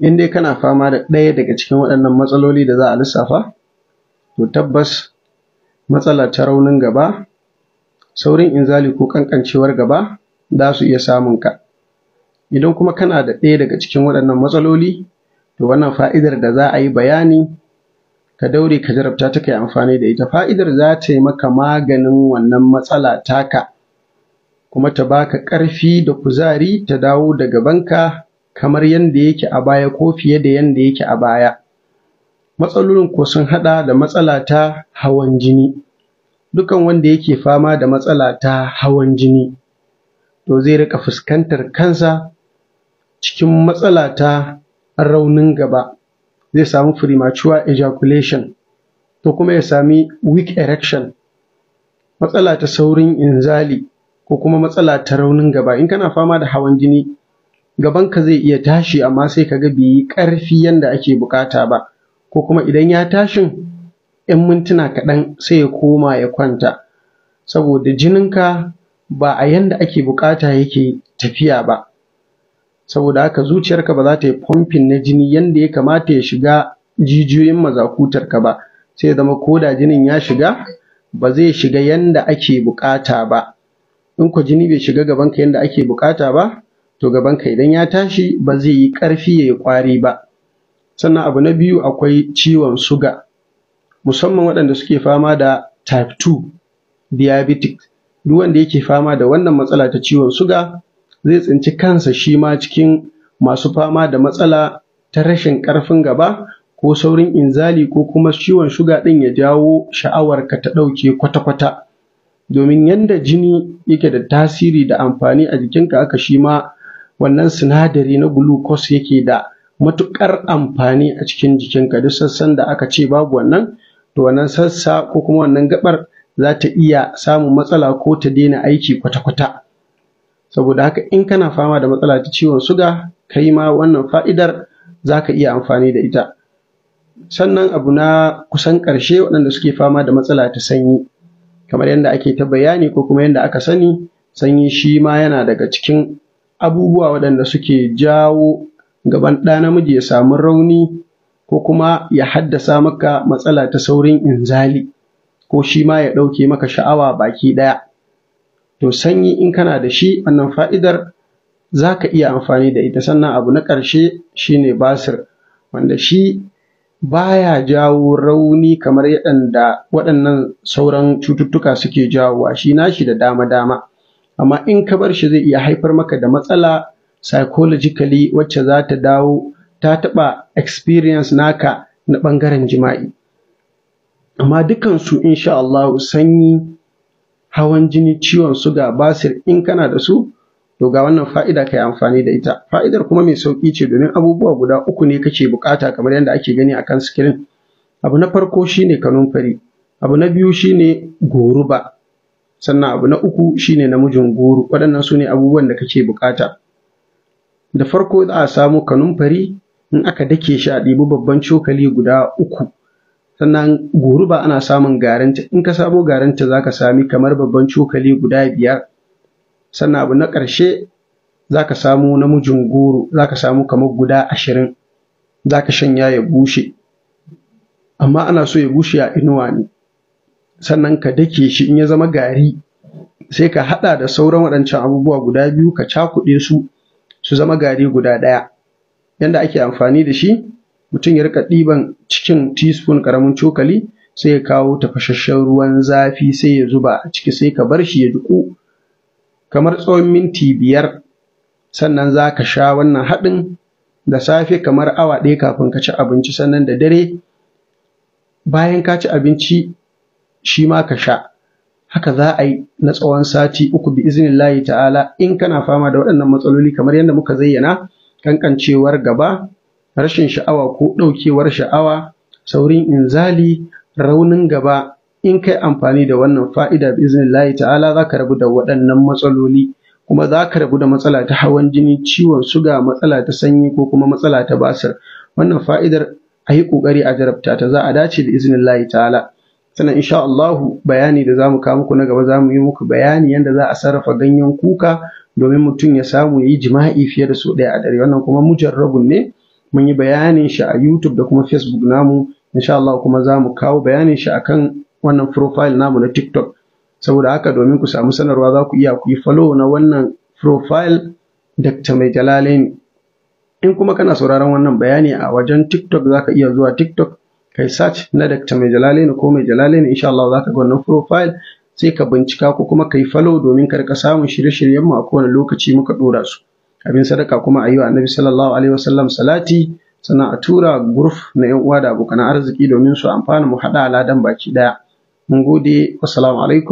in dai kana fama da ɗaya daga cikin waɗannan matsaloli da za a lissafa to tabbas matsala ta raunin gaba saurin inzali ko ƙanƙancewar gaba za su iya samun ka idan kuma kana da ɗaya daga cikin waɗannan matsaloli to wannan fa'idar da za a yi bayani ka daure ka jarabta ta kai amfani da ita fa'idar za ta yi maka maganin wannan matsala taka kuma ta baka ƙarfi da kuzari ta dawo da gabanka kamar yadda yake a baya ko fiye da yadda yake a baya. Matsalolin ko sun haɗa da matsala ta hawan jini. Dukan wanda yake fama da matsala ta hawan jini, to zai rika fuskantar kansa cikin matsala ta raunin gaba. Zai samu premature ejaculation, to kuma ya sami weak erection, matsala ta saurin inzali, ko kuma matsala ta raunin gaba. In kana fama da hawan jini, gabanka zai iya tashi amma sai ka ga bai yi ƙarfi yanda ake buƙata ba ko kuma idan ya tashin 'yan mintuna kaɗan sai ya koma ya kwanta saboda jininka ba a yadda ake buƙata yake tafiya ba saboda haka zuciyarka ba za ta yi fomfin na jini yanda ya kamata ya shiga jijiyoyin mazakutarka ba sai zama ko da jinin ya shiga ba zai shiga yanda ake buƙata ba in ku jini bai shiga gabanka yanda ake buƙata ba to gabanka idan ya tashi ba zai yi ƙarfi ya yi ƙwari ba sannan abu na biyu akwai ciwon suga musamman waɗanda suke fama da type 2 diabetic duk wanda yake fama da wannan matsala ta ciwon suga zai tsinci kansa shi ma cikin masu fama da matsala ta rashin ƙarfin gaba ko saurin inzali ko kuma ciwon suga ɗin ya jawo sha'awarka ta ɗauke kwata-kwata domin yadda jini yake da tasiri da amfani a jikinka aka shi ma wannan sinadari na glucose yake da matuƙar amfani a cikin jikinka duk sassan da aka ce babu wannan to wannan sassa ko kuma wannan gabar za ta iya samun matsala ko ta daina aiki kwata-kwata saboda haka in kana fama da matsala ta ciwon suga kai ma wannan fa'idar za ka iya amfani da ita sannan abu na kusan ƙarshe waɗanda suke fama da matsala ta sanyi kamar yadda ake ta bayani ko kuma yadda aka sani sanyi shi ma yana daga cikin abubuwa waɗanda suke jawo gaban ɗa namiji ya samu rauni ko kuma ya haddasa maka matsala ta saurin inzali ko shi ma ya ɗauke maka sha'awa baki ɗaya. To sanyi in kana da shi wannan fa'idar za ka iya amfani da ita sannan abu na ƙarshe shi ne basir wanda shi baya jawo rauni kamar yadda waɗannan sauran cututtuka suke jawowa shi nashi da dama-dama. amma in ka bar shi zai iya haifar maka da matsala psychologically wacce za ta dawo ta taɓa experience naka na ɓangaren jima'i amma dukansu insha Allah sanyi hawan jini ciwon suga basir in kana da su to ga wannan fa'ida ka yi amfani da ita fa'idar kuma mai sauƙi ce domin abubuwa guda uku ne kake bukata kamar yadda ake gani akan sikirin abu na farko shine kanumfari abu na biyu shine goruba sannan abu na uku shine namijin goro waɗannan su ne abubuwan da kake buƙata da farko za a samu kanumfari in aka dake shi a ɗibi babban cokali guda uku sannan goruba ana samun ta, in ka samo ta za ka sami kamar babban cokali guda biyar sannan abu na ƙarshe za ka samu namijin goro za ka samu kamar guda ashirin za ka shanya ya bushe amma ana so ya bushe a inuwa ne sannan ka dake shi in ya zama gari sai ka haɗa da sauran waɗancan abubuwa guda biyu ka cakuɗe su su zama gari guda ɗaya yanda ake amfani da shi mutum ya rika ɗiban cikin teaspoon ƙaramin cokali sai ya kawo tafasasshen ruwan zafi sai ya zuba a ciki sai ka bar shi ya duku kamar tsawon minti biyar sannan za ka sha wannan haɗin da safe kamar awa ɗaya kafin ka ci abinci sannan da dare bayan ka ci abinci shi ma ka sha haka za a yi na tsawon sati uku bi iznillahi ta'ala in kana fama da waɗannan matsaloli kamar yadda muka zayyana kankancewar gaba rashin sha'awa ko ɗaukewar sha'awa saurin inzali raunin gaba in kai amfani da wannan fa'ida bi iznillahi ta'ala za ka rabu da waɗannan matsaloli kuma za ka rabu da matsala ta hawan jini ciwon suga matsala ta sanyi ko kuma matsala ta basir wannan fa'idar a yi ƙoƙari a jarabta ta za a dace da iznillahi ta'ala sannan insha Allah bayani da zamu kawo muku na gaba zamu yi muku bayani yanda za a sarrafa ganyen kuka domin mutum ya samu ya yi jima'i fiye da su ɗaya a dare wannan kuma mujarrabun ne mun yi bayanin shi a YouTube da kuma Facebook namu insha Allah kuma zamu kawo bayanin shi akan wannan profile namu na TikTok saboda haka domin ku samu sanarwa za ku iya ku yi follow na wannan profile Dr. Mai ne. in kuma kana sauraron wannan bayani a wajen TikTok za ka iya zuwa TikTok kai search na Dr. Mai ne, ko Mai ne, insha Allah za ka ga wannan profile sai ka bincika ko kuma ka yi follow domin ka rika samun shirye-shiryen mu a kowane lokaci muka dora su abin sadaka kuma ayyu annabi sallallahu alaihi wasallam salati sannan a tura guruf na yan uwa da abokan arziki domin su amfana mu hada aladan baki daya mun gode assalamu alaikum